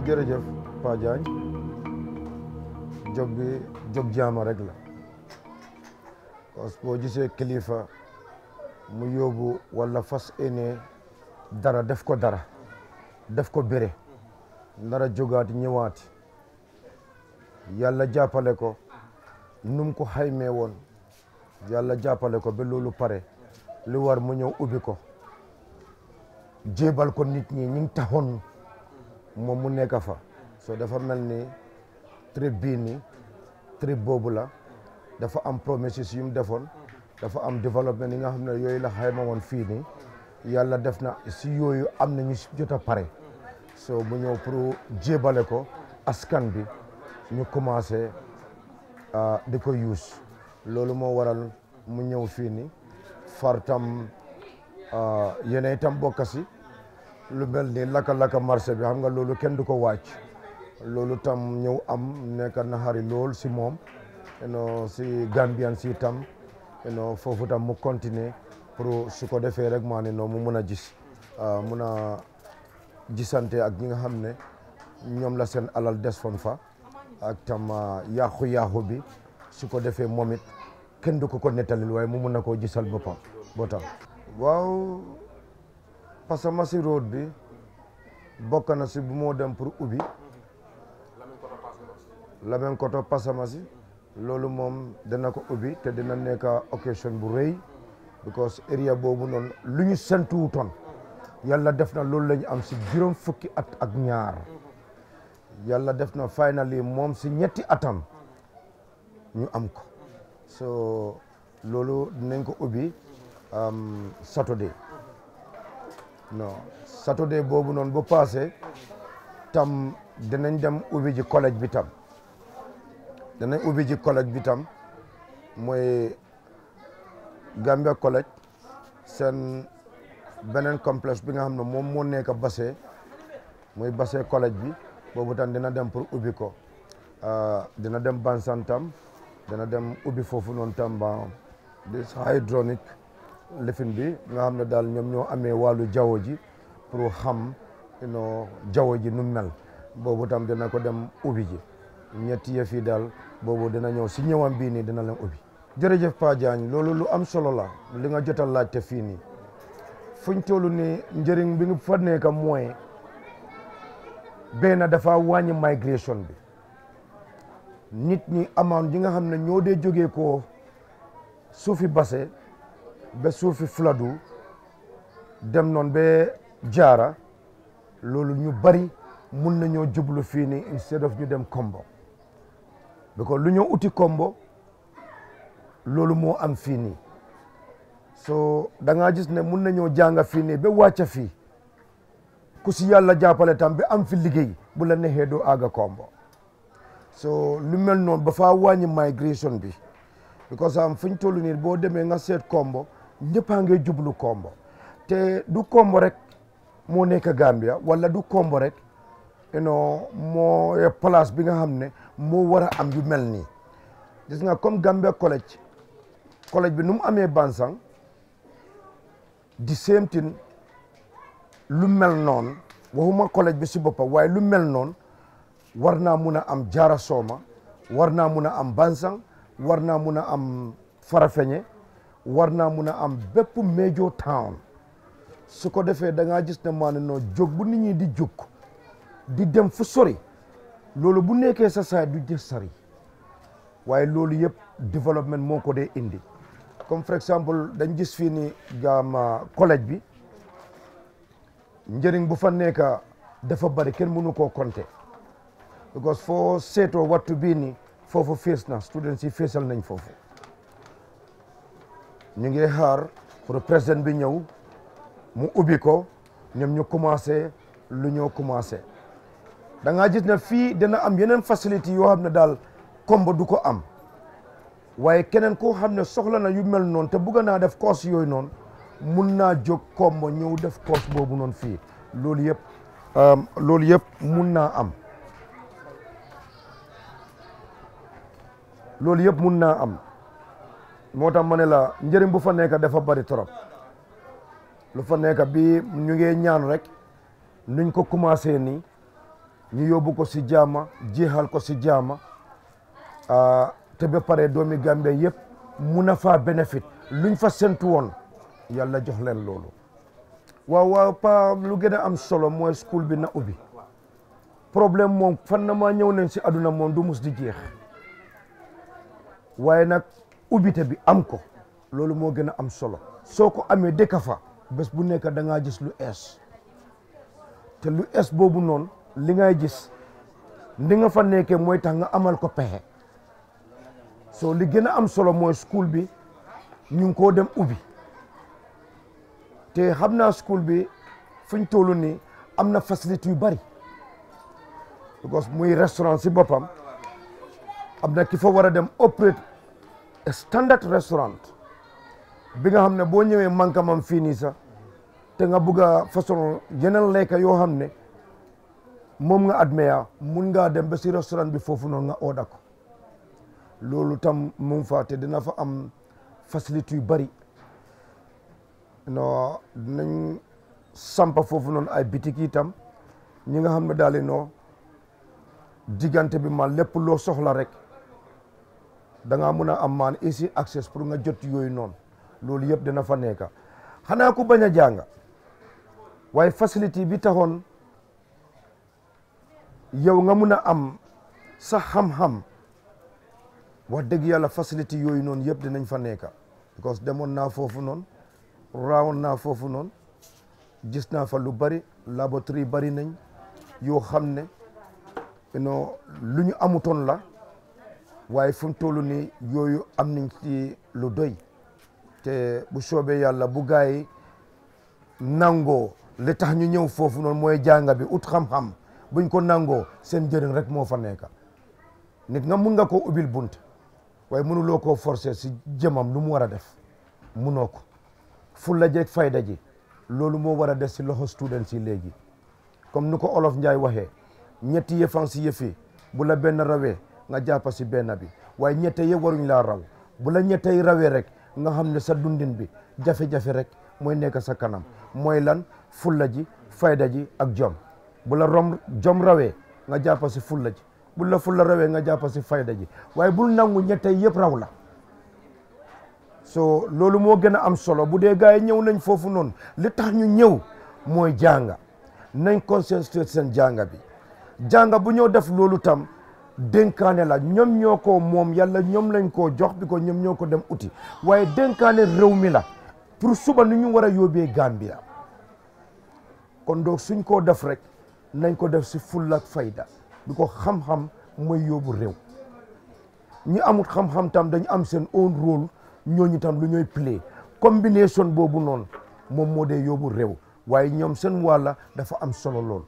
waaw jërëjëf Pa Diagne jaama rek la parce que boo gisee kilifa mu yóbbu walla fas ene dara def ko dara def ko bére nar a jógaat ñëwaat yàlla jàppale ko num ko xaymee woon yàlla jàppale ko ba loolu pare li war mu ñëw ubbi ko jébal ko nit ñi ñi ngi moom mu nekk fa soo dafa mel ni trip bii nii trip boobu la dafa am promesses yu mu defoon dafa am développement yi nga xam ne yooyu la ma woon fii nii yàlla def na si yooyu am na ñu si jot a pare so mu ñëw pour jébale ko askan bi ñu commencé ah, di ko yuus loolu moo waral mu ñëw fii nii far tam ah, yeneen itam bokk si lu mel ni laka-laka marché bi xam nga loolu kenn du ko wàcc loolu tam ñëw am nekk naxari lool si moom noo si Gambian si tam noo foofu tam mu continuer pour su ko defee rek maa ne noonu mu mun a gis ah, mun a gisante ak ñi nga xam ne ñoom la seen alal des foon fa ak tam ah, yaaxu-yaaxu bi su ko defee moom it kenn du ko ko nettalil waaye mu mun na koo gisal boppam boo tax waaw parce que Massi road bi bokk na si bu moo dem pour ubbi Lamin Koto Passamasi loolu moom dana ko ubbi te dina nekk occasion bu rëy because area boobu noon lu ñu sentuwutoon yàlla def na loolu la am si juróom fukki at ak ñaar yàlla def na finally moom si ñetti atam ñu am ko so loolu dinañ ko ubbi um, saturday non saturday boobu noonu bu passé tam danañ dem ubbi ji collège bi tam danañ ubbi ji collège bi tam mooy Gambia collège seen beneen complexe bi nga xam ne moom moo nekk base mooy Basse collège bi boobu tam dina dem pour ubbi ko euh, dina dem Bansan tam dana dem ubbi foofu noonu tam ba des hydraulique lëfin bi nga xam ne daal ñoom ñoo amee wàllu jaww ji pour xam no jaww ji nu mel boobu tam dina ko dem ubbi ji ñetti yëf yi daal boobu dina ñëw si ñëwam bii nii dina leen ubbi. jërëjëf Pa Diagne loolu lu am solo la li nga jotal a laajte fii nii fuñ toll nii njëriñ bi nga fa nekk mooy benn dafa wàññi migration bi nit ñi amaan ñi nga xam ne ñoo dee jógee ko suufi base. ba suufi Fuladu dem noon ba jaara loolu ñu bari mun nañoo jublu fii nii instead of ñu dem Kombo because lu ñoo uti Kombo loolu moo am fii nii so da gis ne mun na jànga fii nii ba wàcca fii ku si yàlla jàppale tam ba am fi liggéey bu la neexee doo àgga Kombo soo lu mel noon ba faa wàññi migration bi because am fu ñu toll nii boo demee nga seet Kombo ñëppaa ngay jublu Kombo te du Kombo rek moo nekk Gambia wala du Kombo rek non moo place bi nga xam ne moo war a am yu mel nii gis nga comme Gambia collège collège bi nu mu amee Bansang di seemtin lu mel noon waxuma collège bi si boppam waaye lu mel noonu war naa mun a am jaara sooma war naa mun a am Bansang war naa mun a am fara Farafenni war naa mun a am bépp major town su ko defee da ngaa gis ne maa ne noo jóg bu nit ñi di jóg di dem fu sori loolu bu nekkee sa saay du jë sari waaye loolu yëpp développement moo ko dee indi comme par exemple dañ gis fii ni jaama ah, collège bi njëriñ bu fa nekk dafa bari kenn mënu koo konté because foo seetoo wattu bii ni foofu fees na students yi feesal nañ foofu ñu ngi xaar pour président bi ñëw mu ubbi ko ñoom ñu commencé lu ñëw commencé da ngaa gis ne fii dina am yeneen facilité yoo xam ne daal komba du ko am waaye keneen koo xam ne soxla na yu mel noonu te bëgg naa def course yooyu noonu mun naa jóg komba ñëw def course boobu noonu fii loolu yëpp euh, loolu yëpp mun naa am loolu yëpp mun naa am moo tax ma ne la njëriñ bu fa nekk defa bari trop lu fa nekk bi ñu ngee ñaan rek nuñ ko commencé nii ñu yóbbu ko si jaama jeexal ko si jaama ah, te ba pare doomi Gambie yëpp mun a faa bénéfice luñ fa sentu woon yàlla jox leen loolu waaw waaw lu gën a am solo mooy school bi na ubbi problème moom fan na maa ñëw nañ si àdduna moom du mus di jeex waaye nag ubbite bi am ko loolu moo gën a am solo soo ko amee dëkk fa bés bu nekk da ngaa gis lu ees te lu ees boobu noonu li ngay gis ndi nga fa nekkee mooy tax nga amal ko pexe soo li gën a am solo mooy school bi ñu ngi koo dem ubbi te xam naa school bi fuñ tollu nii am na facilité yu bari because muy restaurant si boppam am na ki fa war a dem operate standard restaurant bi nga xam ne boo ñëwee mankamam fii nii sax te nga bugg a façon yeneen lekka yoo xam ne moom nga admea mun ngaa dem ba si restaurant bi foofu noonu nga ooda ko loolu tam mun fa te dina fa am facilité yu bëri noo dinañ sampa foofu noonu ay bitique yi tam ñi nga xam ne daal noo diggante bi ma lépp loo soxla rek danga ngaa mun a am maan easy access pour nga jot yooyu noonu loolu yëpp dana fa nekka xanaa ku bañ a jàng waaye facility bi taxoon yow nga mun a am sa xam-xam wax dëgg yàlla facility yooyu noonu yëpp dinañ fa nekk because demoon naa foofu noon raawoon naa foofu noonu gis naa fa lu bari laboratoire bari nañ yoo xam ne non lu ñu amutoon la. waaye fu mu toll nii yooyu am nañ ci lu doy te bu soobee yàlla bu gaay yi nangoo li tax ñu ñëw foofu noonu mooy jànga bi ut xam-xam buñ ko nangoo seen njëriñ rek moo fa nekk nit nga mun nga koo ubbil bunt waaye mënuloo ko forcer si jëmam lu mu war a def munoo ko fulla jeeg fayda ji loolu moo war a des si loxo students yi léegi comme ni ko olof Njaay waxee ñetti yëfan si yëfi bu la benn rawee nga jàpp si benn bi waaye ñette yi waruñ laa raw bu la ñette rawee rek nga xam ne sa dundin bi jafe-jafe rek mooy nekk sa kanam mooy lan fulla ji fayda ji ak jom bu la jom rawee nga jàpp si fulla ji bu la fulla rawee nga jàpp si fayda ji waaye bul nangu ñette yëpp raw la so loolu moo gën a am solo bu dee gars yi ñëw nañ foofu noonu li tax ñu ñëw mooy jànga nañ concentré seen jànga bi jànga bu ñëw def loolu tam dénkaane la ñoom ñoo ko moom yàlla ñoom lañ koo jox bi ko ñoom ñoo ko dem uti waaye dénkaane réew mi la pour suba nu ñu war a yóbbee Gambia kon donc suñ ko def rek nañ ko def si ful ak fayda bi ko xam-xam mooy yóbbu réew ñi amut xam-xam tam dañu am seen own rôle ñooñu tam lu ñooy play combination boobu noonu moom moo dee yóbbu réew waaye ñoom seen wàlla dafa am solo lool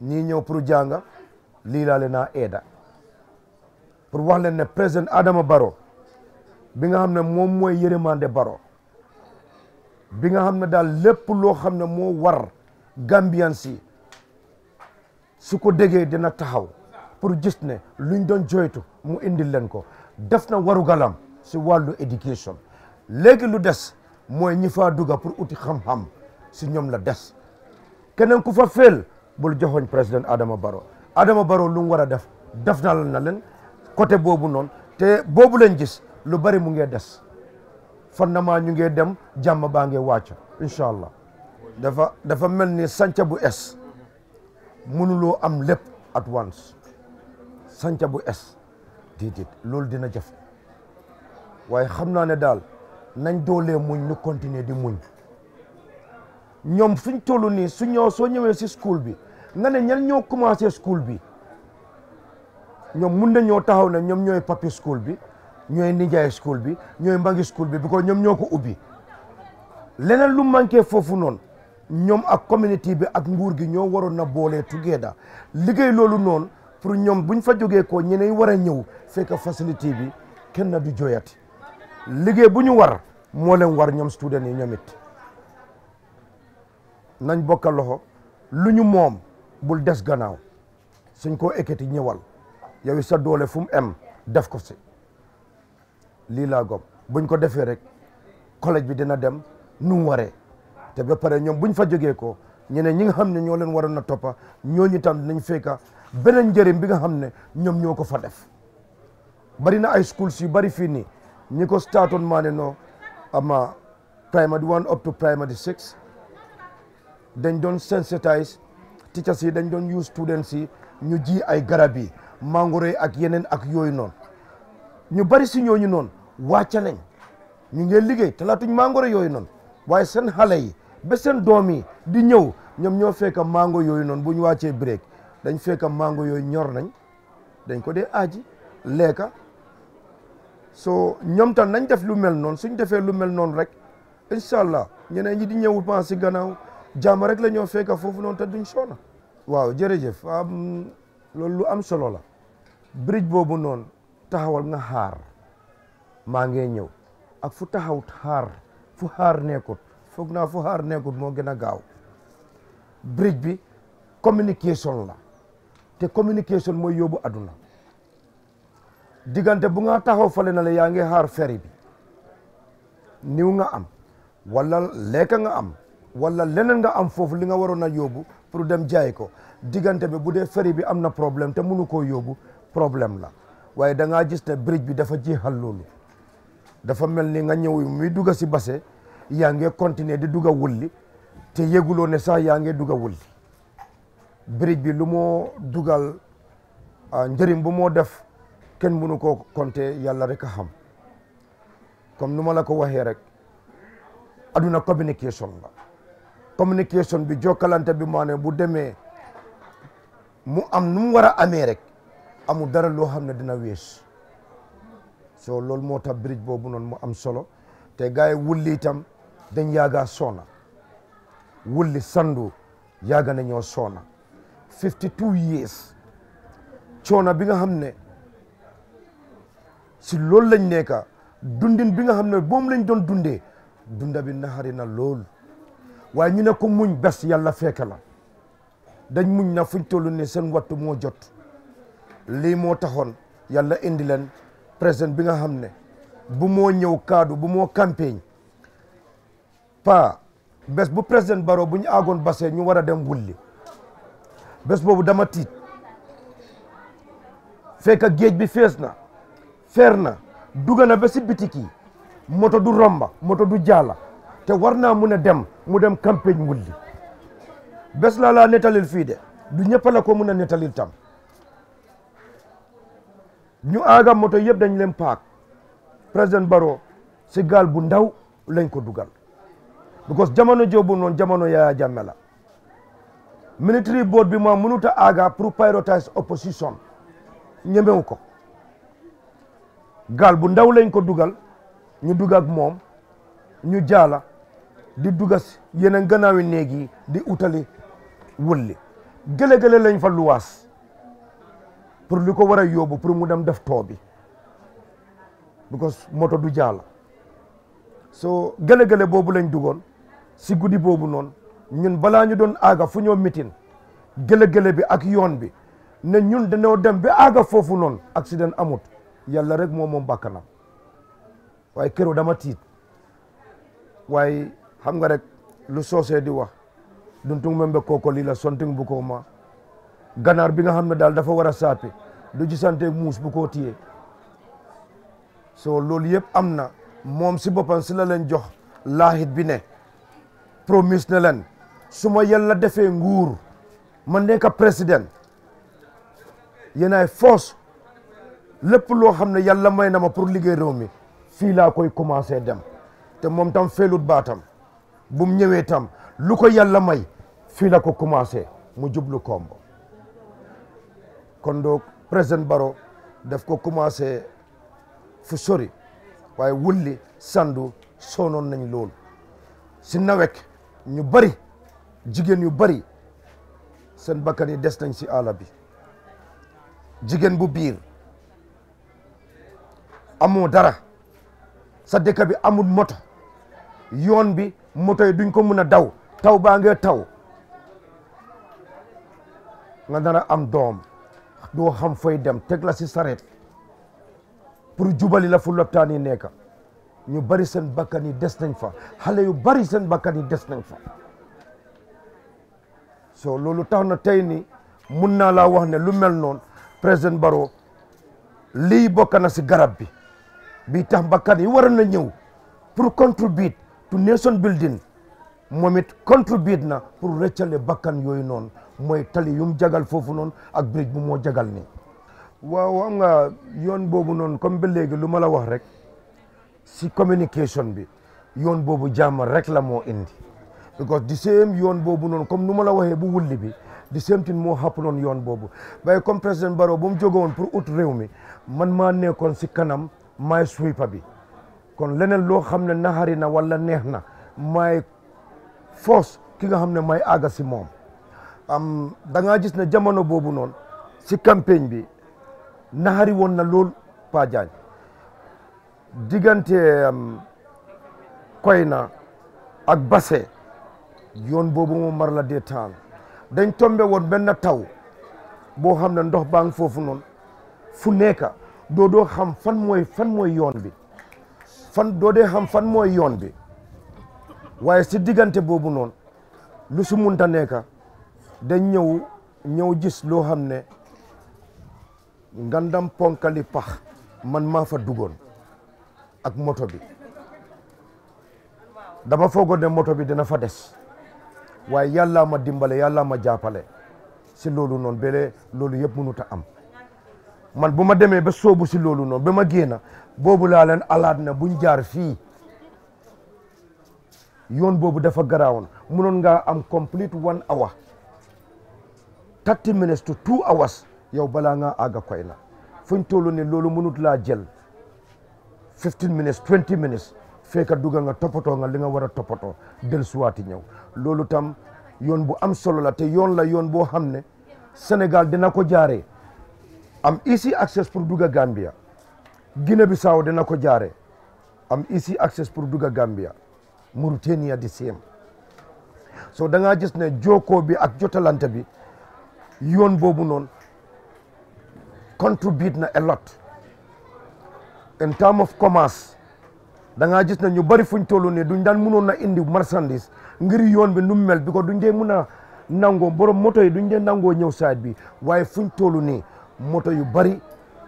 ñii ñëw pour jànga lii laa leen naa aida pour wax leen ne président Adama Barrow bi nga xam ne moom mooy yërëmande baro bi nga xam ne daal lépp loo xam ne moo war Gambian si su ko déggee dina taxaw pour gis ne luñ doon joytu mu indil leen ko def na waru galam si wàllu éducation léegi lu des mooy ñi faa dugga pour uti xam-xam si ñoom la des keneen ku fa féel bul joxoñ président Adama Barrow Adama Barrow lu war a def def na la leen côté boobu noonu te boobu leen gis lu bari mu ngee des fan na maa ñu ngee dem jàmm baa ngee wàcc incha allah dafa dafa mel ni sanca bu es mënuloo am lépp at once sanca bu es déedéet loolu dina jafe waaye xam naa ne daal nañ doolee muñ ñu continuer di muñ ñoom suñ toll nii su ñëw soo ñëwee si school bi nga ne ñan ñoo commencé school bi ñoom mun na ñoo taxaw ne ñoom ñooy papi school bi ñooy nijaay school bi ñooy mbangi school bi because ñoom ñoo ko ubbi leneen lu manqué foofu noonu ñoom ak community bi ak nguur gi ñoo waroon na boolee together liggéey loolu noonu pour ñoom buñ fa jógee ko ñeneen war a ñëw fekk facilité bi kenn na du jooyati liggéey bu ñu war moo leen war ñoom student yi ñoom it nañ bokka loxo lu ñu moom bul des gannaaw suñ koo ekkati ñëwal yow sa doole fu mu em def ko si lii laa gom buñ ko defee rek collège bi dina dem nu mu waree te ba pare ñoom buñ fa jógee ko ñeneen ñi nga xam ne ñoo leen waroon na toppa ñoo ñooñu tam nañ fekka beneen njëriñ bi nga xam ne ñoom ñoo ko fa def bari na ay schools yu bari fii nii ñi ko startoon maa ne noo ama primary one up to primary six dañ doon sensitise teachers yi dañ doon use students yi ñu ji ay garab yi mangoro yi ak yeneen ak yooyu noonu ñu bari si ñooñu noonu wàcce nañ ñu ngi liggéey te laatuñ yooyu noonu waaye seen xale yi ba seen doom yi di ñëw ñoom ñoo fekk mango yooyu noonu bu ñu wàccee break dañ fekk mango yooyu ñor nañ dañ ko dee aji lekka so ñoom tam nañ def lu mel noonu suñ defee lu mel noonu rek incha allah ñeneen ñi di ñëw pan si gannaaw Jam rek la ñoo fekk fofu non ta duñ soona waaw jërëjëf am loolu lu am solo la bridge boobu noonu taxawal nga xaar maa ngi ñëw ak fu taxaw xaar fu xaar nekkut foog naa fu xaar nekkut moo gën a gaaw bridge bi communication la te communication mooy yóbbu aduna diggante bu nga taxaw fale na la yaa ngi xaar feri bi niw nga am wala lekka nga am wala leneen nga am foofu li nga waroon a yóbbu pour dem jaay ko diggante bi bu dee ferry bi am na problème te mënu koo yóbbu problème la waaye da ngaa gis ne bridge bi dafa jeexal loolu dafa mel ni nga ñëw muy dugg si base yaa ngi continuer di dugg a wulli te yëguloo ne sax yaa ngi dugg a wulli bridge bi lu moo dugal ah, njëriñ bu moo def kenn mënu koo compter yàlla rek a xam comme nu ma la ko waxee rek aduna communication la communication bi jokkalante bi moo ne bu demee mu am nu mu war a amee rek amul dara loo xam ne dina wees so lool moo tax bridge boobu noon mu am solo te gars yi wulli itam dañ yaaga soona wulli sandu yaaga na ñoo soona fifty two years bi nga xam ne si loolu lañ nekka dundin bi nga xam ne moom lañ doon dundee dunda bi naxari na lool waaye ñu ne ko muñ bés yàlla fekk la dañ muñ na fuñ toll ni seen wattu moo jot lii moo taxoon yàlla indi leen président bi nga xam ne bu moo ñëw kaadu bu moo campagne pa bés bu président Barrow bu ñu aagoon basee ñu war a dem wulli bes boobu dama tiit fekk géej bi fees na feer na duga na ba si bitiki moto du romba moto du jaala te war naa mun a dem mu dem campagne wulli bes laa laa nettalil fii de du ñëpp la ko mun a nettalil tam ñu aaga moto yëpp dañ leen paak président baro si gaal bu ndaw lañ ko dugal because jamono joobu noonu jamono Yaya Jammeh la military board bi moo mënut a aaga pour prioritize opposition ñemewu ko gaal bu ndaw lañ ko dugal ñu dugal moom ñu jaala di dugas yeneen gannaawi néegi di utali wulli gële-gële lañ fa luwaas pour li ko war a yóbbu pour mu dem def too bi because moto du jaala so gële-gële boobu lañ dugoon si guddi boobu noonu ñun balaa ñu doon aaga fu ñoo gële bi ak yoon bi ne ñun dañoo dem ba aaga foofu noonu accident amut yàlla rek moo moom bàkkanam waaye keroog dama tiit waaye xam nga rek lu soosee di wax duntung membe kooko lii la sonting bu koo ma ganaar bi nga xam ne daal dafa war a saapi du gisante muus bu koo téye so loolu yëpp am na moom si boppam si la leen jox laahit bi ne promise ne leen su ma yàlla defee nguur ma nekk président yéenaay force lépp loo xam ne yàlla may na ma pour liggéey réew mi fii laa koy commencé dem te moom tam feelut baatam bu ñëwee tam lu ko yàlla may fii la ko commencé mu jublu kombo kon donc président baro def ko commencé fu sori waaye wulli sandu soonoon nañ loolu si nawek ñu bari jigéen yu bari seen bakkan yi des nañ si àll bi jigéen bu biir amoo dara sa dëkk bi amul moto yoon bi moto yi duñ ko mëna daw taw ba nga taw nga dara am dom do xam fay dem tek la si sareet pour jubali la fu lopitaan neka ñu bari sen bakani dess nañ fa xalé yu bari sen bakani dess nañ fa so lolu tax na tey ni mun na laa wax ne lu mel non president baro li bokana na si garab bi bi tax bakani war na ñew pour contribute to nation building moom it contribute na pour rëccale bakkan yooyu noonu mooy tali yum jagal foofu noonu ak bridge bu moo jagal ni waaw xam nga yoon boobu noonu comme ba léegi lu ma la wax rek si communication bi yoon boobu jàmm rek la moo indi because the same yoon boobu noonu comme nu ma la waxee bu wulli bi the same thing moo xappaloon yoon boobu waaye comme président Barrow bu mu jóge woon ut réew mi man maa nekkoon si kanam maay sweeper bi kon leneen loo xam ne naxari na walla neex na may force ki nga xam ne may àgga si moom am da gis ne jamono boobu noonu si campagne bi naxari woon na lool Pa diggante diggante na ak base yoon boobu moom mar la dee taan dañ tombe woon benn taw boo xam ne ndox baa ngi foofu noonu fu nekka doo doo xam fan mooy fan mooy yoon bi fan doode ham fan mooy yoon bi waaye si diggante boobu noonu lu si munta neeka da ñëw ñëw gis loo xam ne ngandam ponkali pax man maa fa duggoon ak moto bi dama foogo ne moto bi dina fa des waaye yàllaa ma dimbale yàllaa ma jàppale si loolu noonu bele loolu yëpp munuta am man bu ma demee ba soobu si loolu noonu ba ma génn boobu laa leen alaat na buñ jaar fii yoon boobu dafa garaawoon munoon ngaa am complete one hour thirty minutes to two hours yow balaa nga àgga koy na fuñ toll ni loolu mënut laa jël fifteen minutes twenty minutes fekk dugga nga toppatoo nga li nga war a toppatoo del suwaati ñëw loolu tam yoon bu am solo la te yoon la yoon boo xam ne Sénégal dina ko jaaree am easy access pour dugg Gambia bi Bissau dina ko jaare am easy access pour dugg Gambia ya di same so da ngaa gis ne jokkoo bi ak jotalante bi yoon boobu noon contribute na a lot in term of commerce da ngaa ñu bari fuñ tollu ne duñ daan mënoon na indi marchandise ngir yoon bi nu mel bi ko duñ dee mën a nangoo borom moto yi duñ dee nangoo ñëw side bi waaye fuñ tollu nii moto yu bari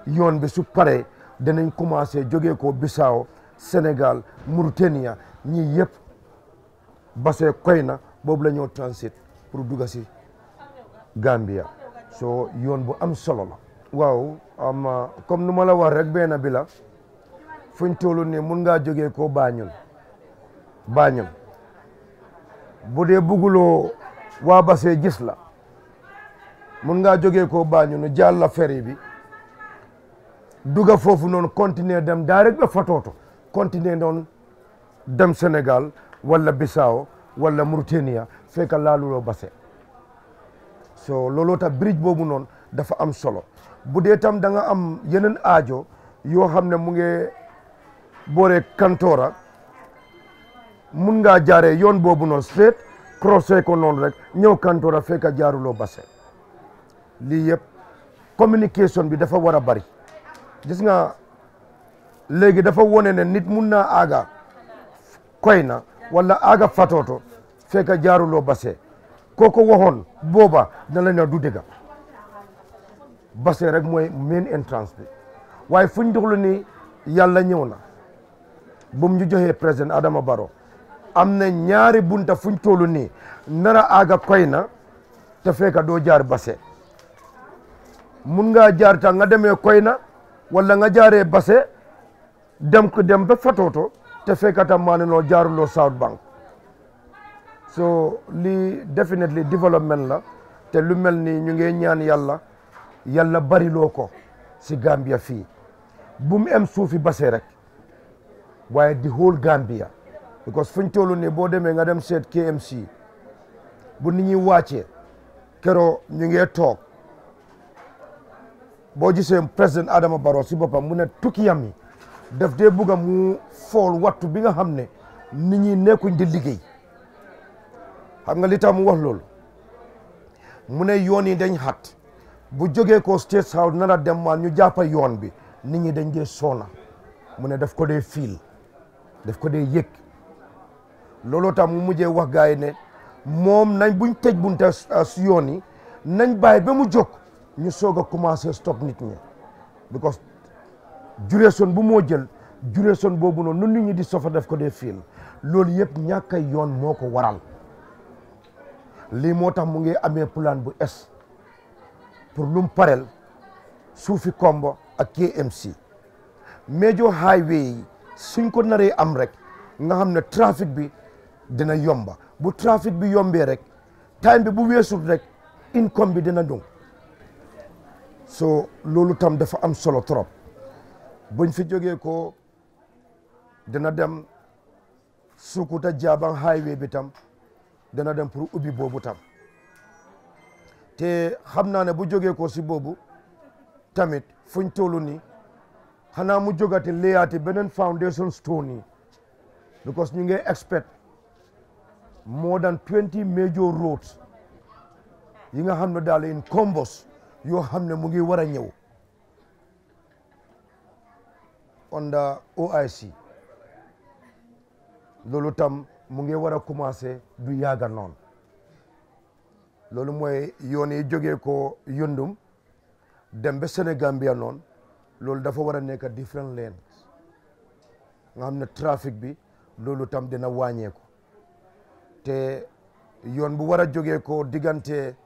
yoon bi su paré dinañ commencé joggé ko Bissau Sénégal Mauritania ñi yépp basé koyna bobu lañu transit pour dugga si Gambia so yon bu am solo la waaw am comme numa la war rek bena bi la fuñ tolu nii mën nga joggé ko bañul budé bugulo wa basé gis la mun ngaa jógee koo Banjul jàll ferry bi duga foofu noonu continuer dem direct ba Fatoto continuer noonu dem senegal wala Bissau wala Mauritania fekk laaluloo Basse so looloo tax boobu noonu dafa am solo bu dee tam danga am yeneen aajo yoo xam ne mu ngi booree Kantora mun ngaa jaaree yoon boobu noonu straight crossé ko noonu rek ñëw Kantora fekk jaaruloo Basse lii yëpp communication bi dafa war a bari gis nga léegi dafa wone ne nit mun naa aaga koy na wala aaga fatooto fekk jaaruloo base kooko waxoon booba na la ne du dëgg base rek mooy main entrance bi waaye fu ñu ni yàlla ñëw na bu mu ñu joxee président Adama baro am na ñaari bunta fuñ toll nii nara aaga koy na te fekk doo jaar base mun nga jaar ta nga demee koyna walla nga jaaree base dem ko dem ba fatooto te fekata maani noo jaaruloo south bank so lii definitely development la te lu mel ni ñu ngee ñaan yàlla yàlla bariloo ko si gambia fii bu mu em suufi base rek waaye di whole gambia because fuñ toolu ni boo demee nga dem seet kmc bu ni ñuy wàccee keroo ñu ngee toog boo gisee président Adama Barrow si boppam mu ne tukkiyam yi daf dee bugg a mu fool wattu bi nga xam ne nit ñi nekkuñ di liggéey xam nga li tax mu wax loolu mu ne yoon yi dañ xat bu jógee ko State House nara dem maan ñu jàppa yoon bi nit ñi dañ dee soona mu ne daf ko dee fiil daf ko dee yëg looloo tax mu mujjee wax gars moom nañ buñ tej bunta uh, si yoon yi nañ bàyyi ba mu jóg ñu soog a commencé stop nit ñi because duration bu moo jël duration boobu noonu nun nit ñi di sofa def ko dee fiil loolu yëpp ñàkk a yoon moo ko waral lii moo tax mu ngi amee plan bu es pour lum pareel suufi kombo ak KMC major highway yi suñ ko naree am rek nga xam ne trafic bi dina yomba bu trafic bi yombee rek time bi bu weesul rek income bi dina dung so loolu tam dafa am solo trop buñ fi jógee ko dana dem Sukuta Jaabang highway bi tam dana dem pour ubbi boobu tam te xam naa ne bu jógee ko si boobu tamit fuñ toll nii xanaa mu jógate léyaate beneen foundation stone nii because ñu ngi expect more than twenty major roads yi nga xam ne daal in combos yoo xam ne mu ngi war a ñëw under OIC loolu tam mu ngi war a commencé du yàgga noon loolu mooy yoon yi jógee ko yundum dem ba Sénégambia noonu loolu dafa war a nekk different lanes nga xam ne trafic bi loolu tam dina wàññeeku te yoon bu war a jógee ko diggante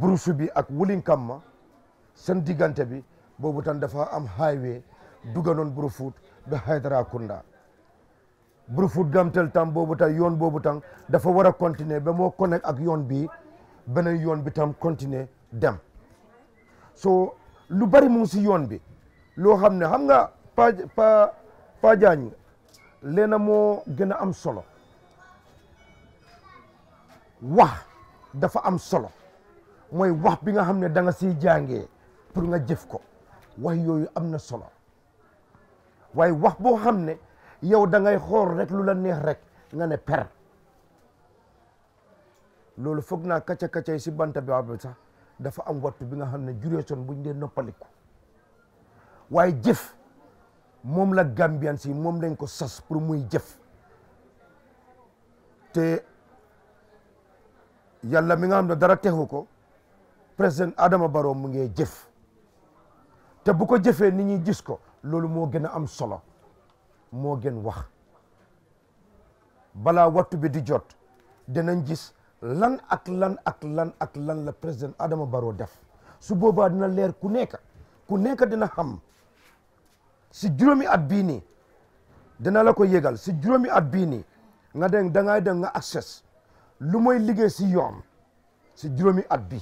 Bruce bi ak Wulinkamma seen diggante bi boobu tan dafa am highway duganoon Brufut ba Haydarakunda Brufut Gamtel tam boobu tan yoon boobu tan dafa war a continuer ba moo connect ak yoon bi beneen yoon bi tam continuer dem so lu bari mu si yoon bi loo xam ne xam nga pa pa leena moo gën a am solo wax dafa am solo mooy wax bi nga xam ne da nga siy jàngee pour nga jëf ko wax yooyu am na solo waaye wax boo xam ne yow dangay xoor rek lu la neex rek nga ne per loolu foog naa kacca kacca si banta bi ba sax dafa am wattu bi nga xam ne juree bu buñ dee noppaliku waaye jëf moom la Gambian si moom lañ ko sas pour muy jëf te yàlla mi nga xam ne dara texu ko président Adama Barrow mu ngee jëf te bu ko jëfee ni ñi gis ko loolu moo gën a am solo moo gën wax balaa wattu bi di jot dinañ gis lan ak lan ak lan ak lan la président Adama Barrow def su boobaa dina leer ku nekk ku nekk dina xam si juróomi at bii nii dina la ko yëgal si juróomi at bii nii nga deng da dem nga access lu mooy liggéey si yoon si juróomi at bi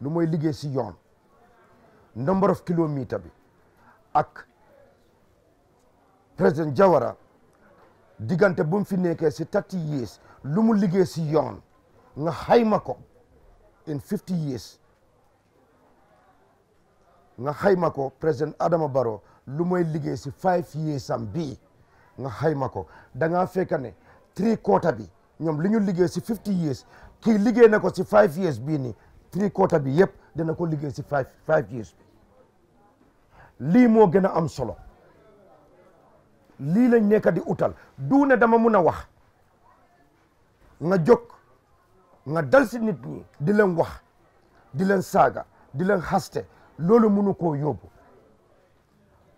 lu mooy liggéey si yoon number of kilomètre bi ak président Jawara diggante bu mu fi nekkee si thirty years lu mu liggéey si yoon nga xayma ko in fifty years nga ma ko président Adama baro lu mooy liggéey si five years am bii nga xayma ko da ngaa fekk ne three quarter bi ñoom li ñu liggéey si fifty years kii liggéey ne ko si five years bii nii three quarter bi yépp dana ko liggéey si five five years bi lii moo gën a am solo lii lañ nekk di utal du ne dama mun a wax nga jóg nga dal si nit ñi di leen wax di leen saaga di leen xaste loolu munu koo yóbbu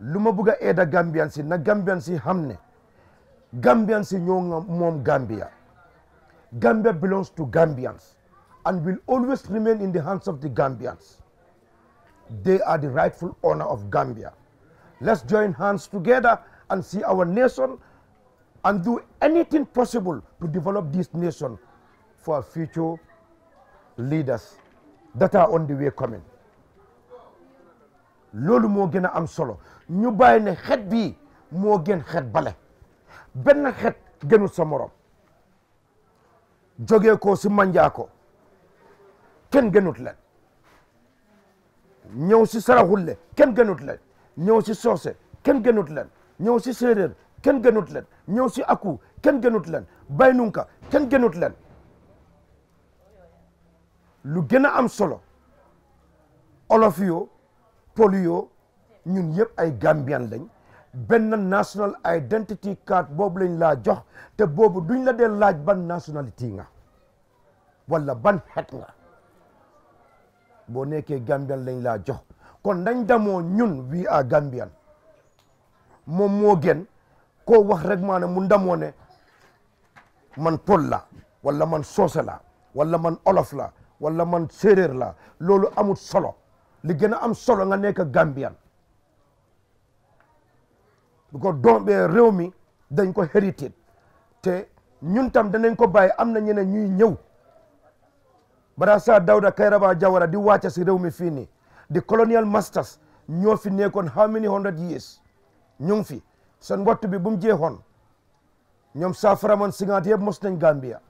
lu ma bëgg a aida gambian si na gambian si xam ne gambian si ñoo moom gambia gambia belongs to gambians and will always remain in the hands of the Gambians. They are the rightful owner of Gambia. Let's join hands together and see our nation and do anything possible to develop this nation for future leaders that are on the way coming. Lolo moo gën am solo ñu bàyyi ne xet bii moo gën xet bale benn xet gënul sa morom ko si kenn gënut leen ñëw si saraxulle kenn gënut leen ñëw si soose kenn gënut leen ñëw si séeréer kenn gënut leen ñëw si aku kenn gënut leen baynunka kenn gënut leen lu gën a am solo olof yoo pël yoo ñun yëpp ay Gambian lañ benn national identity card boobu lañ laa jox te boobu duñ la dee laaj ban nationalité nga wala ban xeet nga boo nekkee Gambian lañ laa jox kon dañ demoo ñun wii are Gambian moom moo gën ko wax rek maanaam mu ndamoo ne man Pël la walla man Soose la walla man Olof la walla man Séeréer la loolu amut solo li gën a am solo nga nekk Gambian because doom réew mi dañ ko héritage te ñun tam danañ ko bàyyi am na ñeneen ñuy ñëw Barasa Dawda Kairaba Jawara di wàcce si réew mi fii nii di colonial masters ñoo fi nekkoon how many hundred years ñu ngi fi seen wattu bi bu mu jeexoon ñoom saafaraman singaat yëpp mos nañ Gambia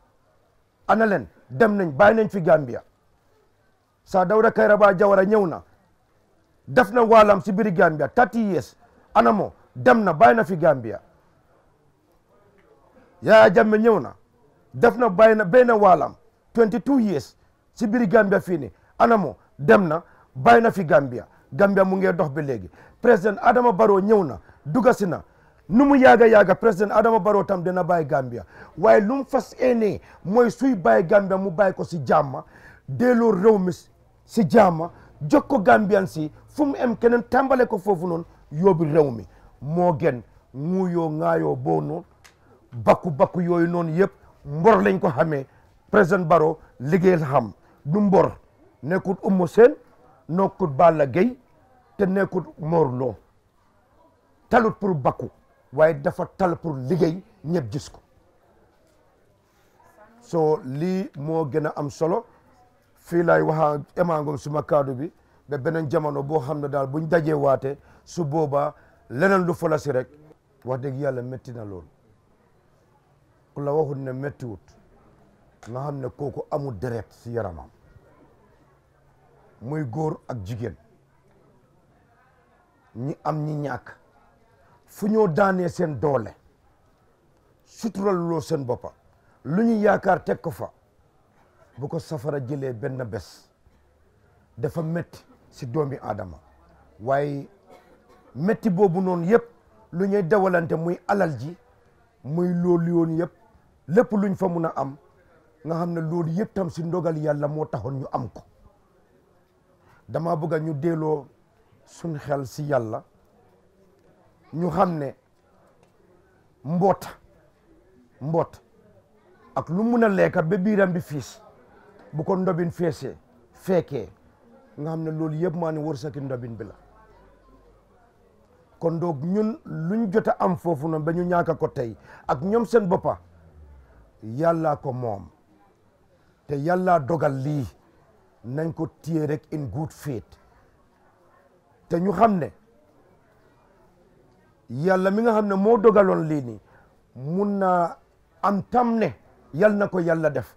ana leen dem nañ bàyyi nañ fi Gambia saa Dawda Kairaba Jawara ñëw na def na waalam si biir Gambia thirty years ana moo dem na bàyyi na fi Gambia Yaya Jammeh ñëw na def na bàyyi na benn waalam twenty two si biir Gambia fii nii anamoo dem na bàyyi na fi Gambia Gambia mu ngee dox ba léegi président Adama baro ñëw na dugasi na nu mu yaaga yaaga président Adama Barrow tam dina bàyyi Gambia waaye lu mu fas eenee mooy suy bàyyi Gambia mu bàyyi ko si jàmma delloo réew mi si jàmma jox ko Gambian si fu mu em keneen tàmbale ko foofu noonu yóbbu réew mi moo gën ŋuuyoo ŋaayoo boo noonu bakku bakku yooyu noonu yëpp mbor lañ ko xamee président baro liggéeyal xam du mbor nekkut Eumeu Sène nekkut Balla Gaye te nekkut Mor Lo talut pour bakku waaye dafa tal pour liggéey ñëpp gis ko so lii moo gën a am solo fii laay waxaa suma kaddu bi ba beneen jamono boo xam ne daal buñ dajee waate su boobaa leneen lu falasi rek wax dëgg yàlla metti na lool ku la waxut ne méttiwut nga xam ne kooku amul deret si yaramam muy góor ak jigéen ñi am ñi ñàkk fu ñoo daanee seen doole sutural loo seen boppa lu ñuy yaakaar teg ko fa bu ko safara jëlee benn bés dafa metti si doomi aadama waaye metti boobu noonu yëpp lu ñuy dawalante muy alal ji muy loolu yoon yëpp lépp luñ fa mun a am nga xam ne loolu yëpp tam si ndogal yàlla moo taxoon ñu am ko dama bëgg ñu deloo suñ xel si yàlla ñu xam ne mboota mboot ak lu mun a lekka be biiram bi fiis bu ko ndobin feesee fekkee nga xam ne loolu yëpp maa ne wërsëki ndobin bi la kon doog ñun luñ jot a am foofu noonu ba ñu ñaaka ko tey ak ñoom seen boppa yàlla ko moom te yàlla dogal lii nañ ko téye rek in good faith te ñu xam ne yàlla mi nga xam ne moo dogaloon lii nii mun na am tam ne yal na ko yalla def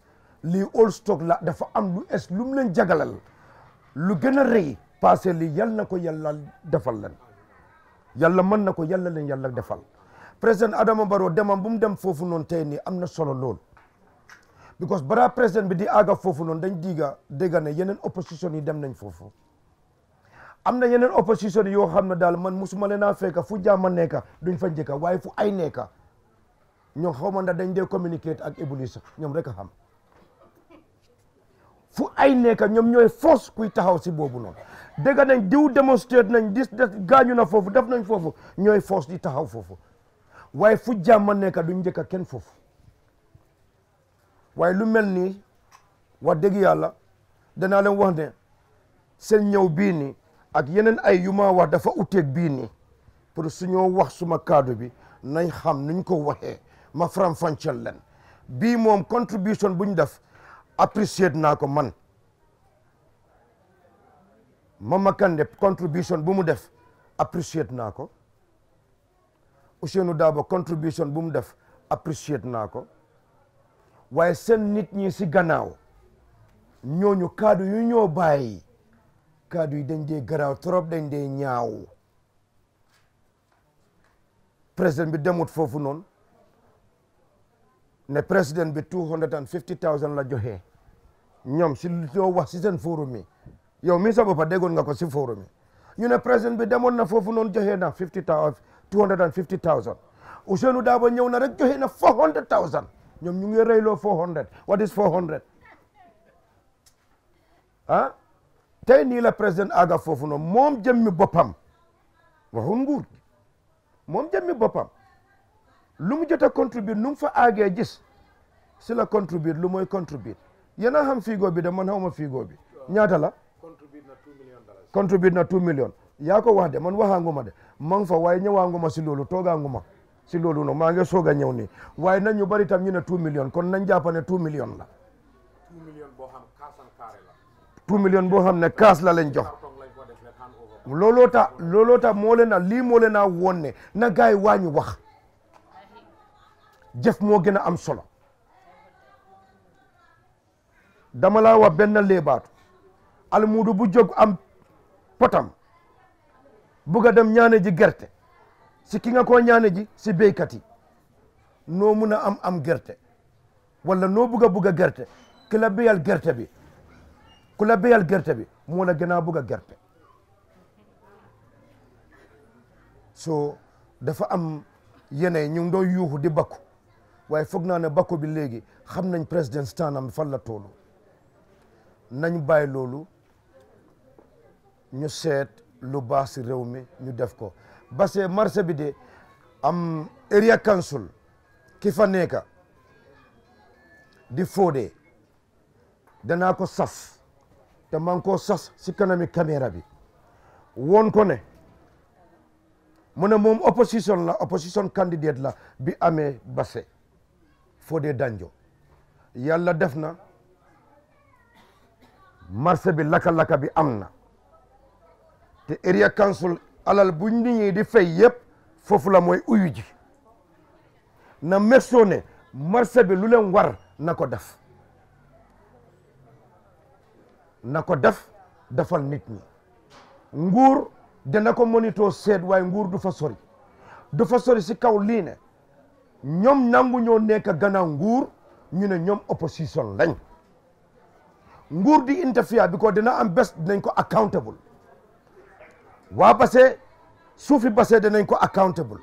lii old stock la dafa am lu es lu mu leen jagalal lu gën a rëy passé lii yal na ko yàlla defal leen yàlla man na ko yalla leen yàlla defal président Adama Barrow demam bu mu dem foofu noonu tey nii am na solo lool. because bara président bi di àgga foofu noonu dañ diga dégga ne yeneen opposition yi dem nañ foofu am na yeneen opposition yoo xam ne daal man musuma leen a fekka fu jàmma nekka duñ fa njëkka waaye fu ay nekka ñoom xaw ma ndax dañ dee communicate ak iblis ñoom rek a xam fu ay nekka ñoom ñooy foos kuy taxaw si boobu noonu dégg nañ diw demonstrate nañ dis des gaañu na foofu def nañ foofu ñooy foos di taxaw foofu waaye fu jàmm nekka duñ njëkka kenn foofu waaye lu mel nii wax dëgg yàlla danaa leen wax ne seen ñëw bii nii ak yeneen ay yu ma wax dafa uteeg bii nii pour suñoo wax suma kaddu bi nañ xam nuñ ko waxee ma faram-fàcceel leen bii moom contribution bu ñu def appréciate naa ko man Mama Kandeh contribution bu mu def appréciate naa ko Ousseynou Dabo contribution bu mu def appréciate naa ko waaye seen nit ñi si gannaaw ñooñu kaddu yu ñoo bàyyi kaddu yi dañ dee gannaaw trop dañ dee ñaaw président bi demut foofu noonu ne président bi two hundred and fifty thousand la joxe ñoom si loo wax si seen forum mi yow mi sa boppa déggoon nga ko si forum mi ñu ne président bi demoon na foofu noonu joxe na fifty two hundred and fifty thousand Ousseynou Dabo ñëw na rek joxe na four hundred thousand ñoom ñu ngi reyloo four hundred what is four hundred ah tey nii la président aga foofu noonu moom jëmmi boppam waxul nguur gi moom jëmmi boppam lu mu jot a contribute nu mu fa aagee gis si la contribute lu mooy contribute yéen a xam fiigoo bi de man xawma fiigoo bi ñaata la contribute na two million yaa ko wax de man waxaanguma de man fa waaye ñëwaanguma si loolu toogaanguma si loolu noonu maa ngi soog a ñëw nii waaye nañ ñu bari tam ñu ne 2 million kon nañ jàpp ne 2 million la. 2 million boo xam kaas an million boo xam ne kaas la leen jox. looloo ta looloo ta moo leen a lii moo leen a woon ne na gars yi waa ñu wax jëf moo gën a am solo dama laa wax benn léebaatu almuudu bu jóg am potam bugg a dem ñaane ji gerte si ki nga ko ñaane ji si béykat yi noo mun a am am gerte wala noo bugg a bugg gerte ki la béyal gerte bi ku la béyal gerte bi moo la gën a bugg gerte so dafa am yeneen ñu ngi doon yuuxu di bakku waaye foog naa ne bakku bi léegi xam nañ président stanam fan la toolu nañ bàyyi loolu ñu seet lu baax si réew mi ñu def ko base marché bi de am area council ki fa nekk di Fodé danaa ko sas te man ko sas si kanami caméra bi woon ko ne mu ne moom opposition la opposition candidate la bi amee base Fodé Danjo yàlla def na marché bi laka-laka bi am na te area council alal bu nit ñi di fay yëpp foofu la mooy uyu na merçonné marché bi lu leen war na ko def na ko def defal nit ñi nguur dana ko monitoo seet waaye nguur du fa sori du fa sori si kaw lii ne ñoom nangu ñoo nekk gannaaw nguur ñu ne ñoom opposition lañ nguur di interfere bi ko dina am bés dinañ ko accountable waa Basse suufi base de danañ ko accountable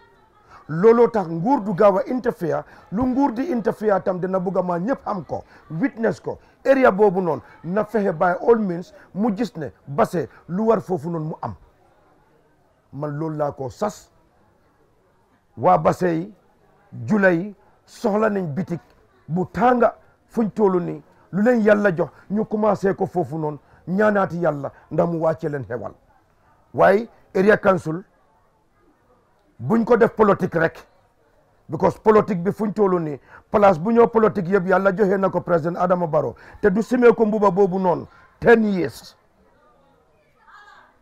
looloo tax nguur du gaaw a interfere lu nguur di interfere tam dana bëgg a maa ñëpp am ko witness ko area boobu noonu na fexe by all means mu gis ne Basse lu war foofu noon mu am man loolu laa ko sas waa Basse julay jula yi soxla nañ bitik bu tànga fuñ toll ni lu leen yàlla jox ñu commencé ko foofu noonu ñaanaati yàlla ndax mu wàcce leen xewal waaye area council buñ ko def politique rek because politique bi fuñ toll nii place bu ñoo politique yëpp yàlla joxe na ko président Adama Barrow te du simee ko mbuba boobu noonu ten years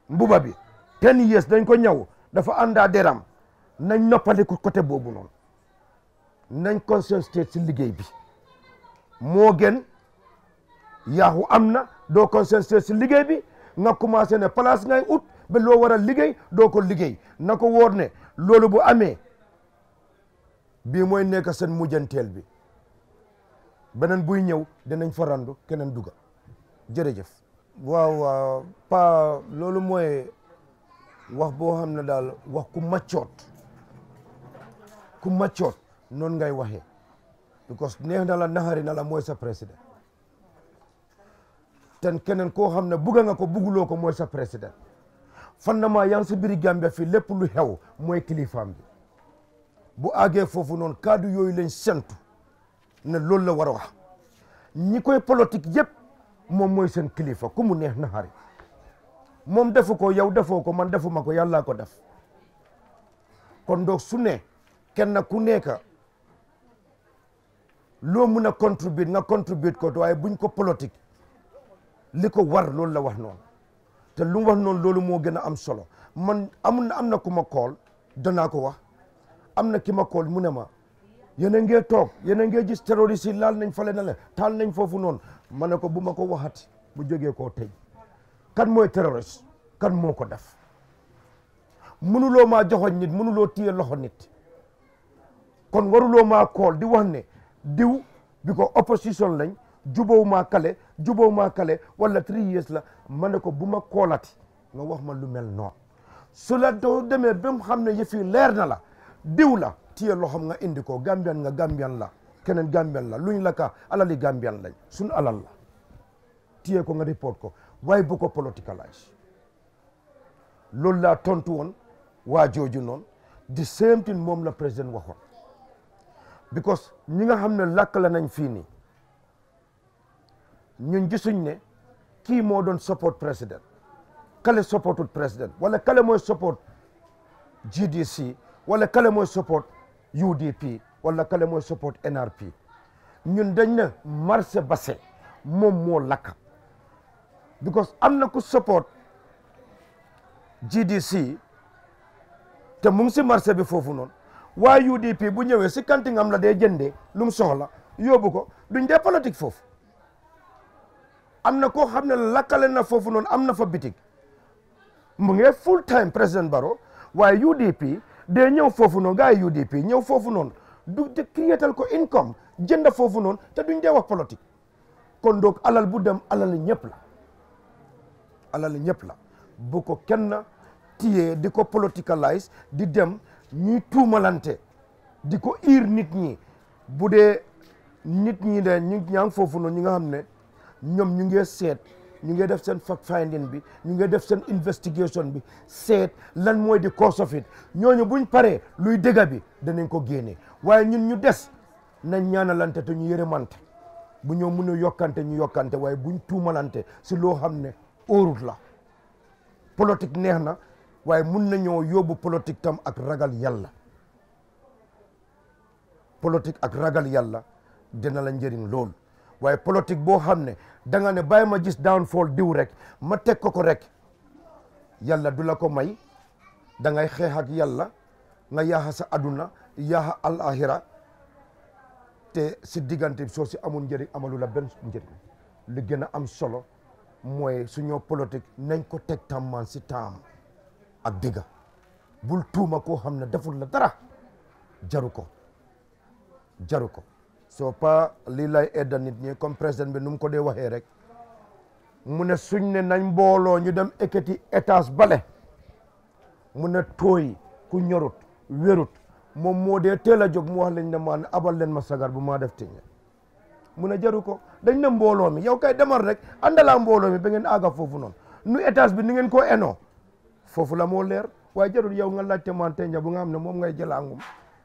mbuba bi ten years dañ ko ñaw dafa àndaa deram nañ noppaliku côté boobu noonu nañ concentré si liggéey bi moo gën yaaxu am na doo concentré si liggéey bi nga commencé ne place ngay ut ba lo wara liggey do ko liggey nako worne lolou bu amé bi moy nek sen mujjanteel bi benen buy ñëw danañ farandu kenen duga jërëjëf waaw pa lolou moy wax bo xamna dal wax ku maccoot ku maccoot non ngay waxe because neex na la naxari na la moy sa president ten kenen ko xamne ne nga ko bugguloo ko sa president fan na maa yaa ngi si biir Gambia fii lépp lu xew mooy kilifaam bi bu àggee foofu noonu kaddu yooyu lañ sentu ne loolu la war a wax ñi koy politique yëpp moom mooy seen kilifa ku mu neex na xari moom defu ko yow defoo ko man defuma ko yàllaa ko def kon donc su ne kenn ku nekk loo mun na contribute nga contribute ko waaye buñ ko politique li ko war loolu la wax noonu te lu mu wax noonu loolu moo gën a am solo man amul na am na ku ma kool danaa ko wax am na ki ma kool mu ne ma yéen a toog yeneen a ngee gis terroriste laal nañ fale na le taal nañ foofu noonu ma ne ko bu ma ko waxati bu jógee ko tey kan mooy terroriste kan moo ko def mënuloo maa joxoñ nit mënuloo téye loxo nit kon waruloo maa kool di wax ne diw bi ko opposition lañ jubóo maa kale jubóo maa kale wala three years la ma ne ko bu ma koolati nga wax ma lu mel noonu su la demee ba mu xam ne yëf yi leer na la diw la téye loxoom nga indi ko gambian nga gambian la keneen gambian la luñ la ka alali gambian lañ suñ alal la téye ko nga report ko waaye bu ko politicalise loolu laa tontu woon waa jooju noonu the same thing moom la président waxoon because ñi nga xam ne lakk la nañ fii nii ñun gisuñ ne kii moo doon support président kale supportul président wala kale mooy support GDC wala kale mooy support UDP wala kale mooy support NRP ñun dañ ne marché basse moom moo lakka because am na ku support GDC te mu ngi si marché bi foofu noonu waaye UDP bu ñëwee si kantingam la day jëndee lu mu soxla yóbbu ko duñ dee politique foofu am na koo xam ne lakkale na foofu noonu am na fa bitig mu ngi full time président Barrow waaye UDP de ñëw foofu noonu gars yi UDP ñëw foofu noonu du de créétal ko income jënd foofu noon te duñ dee wax politique kon donc alal bu dem alal ñëpp la alal ñëpp la bu ko kenn tiyee di ko politicalize di dem ñuy tuumalante di ko iir nit ñi bu dee nit ñi de ñu ñaan foofu noon ñi nga xam ne ñoom ñu ngi seet ñu ngi def seen fact finding bi ñu ngi def seen investigation bi seet lan mooy di cause of it ñooñu buñ paree luy dëgga bi danañ ko génne waaye ñun ñu des nañ ñaanalante te ñu yërëmante bu ñoo mun a yokkante ñu yokkante waaye buñ tuumalante si loo xam ne óorut la politique neex na waaye mun nañoo yóbbu politique tam ak ragal yàlla politique ak ragal yàlla dina la njëriñ lool waaye politique boo xam ne da nga ne bàyyi ma gis downfall diw rek ma teg ko ko rek yàlla du la ko may da ngay xeex yàlla nga yaaxa sa aduna yaaxa al'axira te si diggante soo si amul njëriñ amalu la benn njëriñ li gën a am solo mooy suñoo politique nañ ko teg tàmmaan si taam ak digga bul tuuma koo xam ne deful la dara jaru ko jaru ko soo pas lii lay edda nit ñi comme président bi nu ko dee waxee rek mu ne suñ ne nañ mbooloo ñu dem ekkati étage bale mu ne tooy ku ñorut wérut moom moo dee teel a jóg mu wax lañ ne maa ne abal leen ma sagar bu maa def tiñe mu ne jaru ko dañ ne mbooloo mi yow kay demal rek a mbooloo mi ba ngeen àgga foofu noon nu étage bi ni ngeen ko enoo foofu la moo leer waaye jarul yow nga laajte man tenja bu nga xam ne moom ngay jëlaangum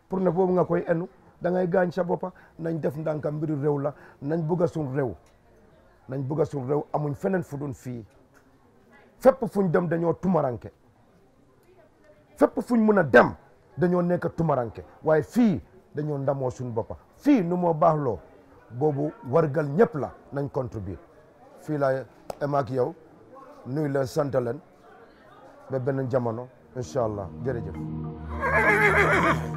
pour ne boobu nga koy enu da ngay gaañ sa boppa nañ def ndànka mbiru réew la nañ bëgg a suñ réew nañ bëgg a réew amuñ feneen fu dun fii fépp fuñ dem dañoo tumaranke fépp fuñ mën a dem dañoo nekk tumaranke waaye fii dañoo ndamoo suñ boppa fii nu moo baax loo boobu wargal ñëpp la nañ contribuer fii laa am yow nuyu leen sant leen ba benn jamono incha allah jërëjëf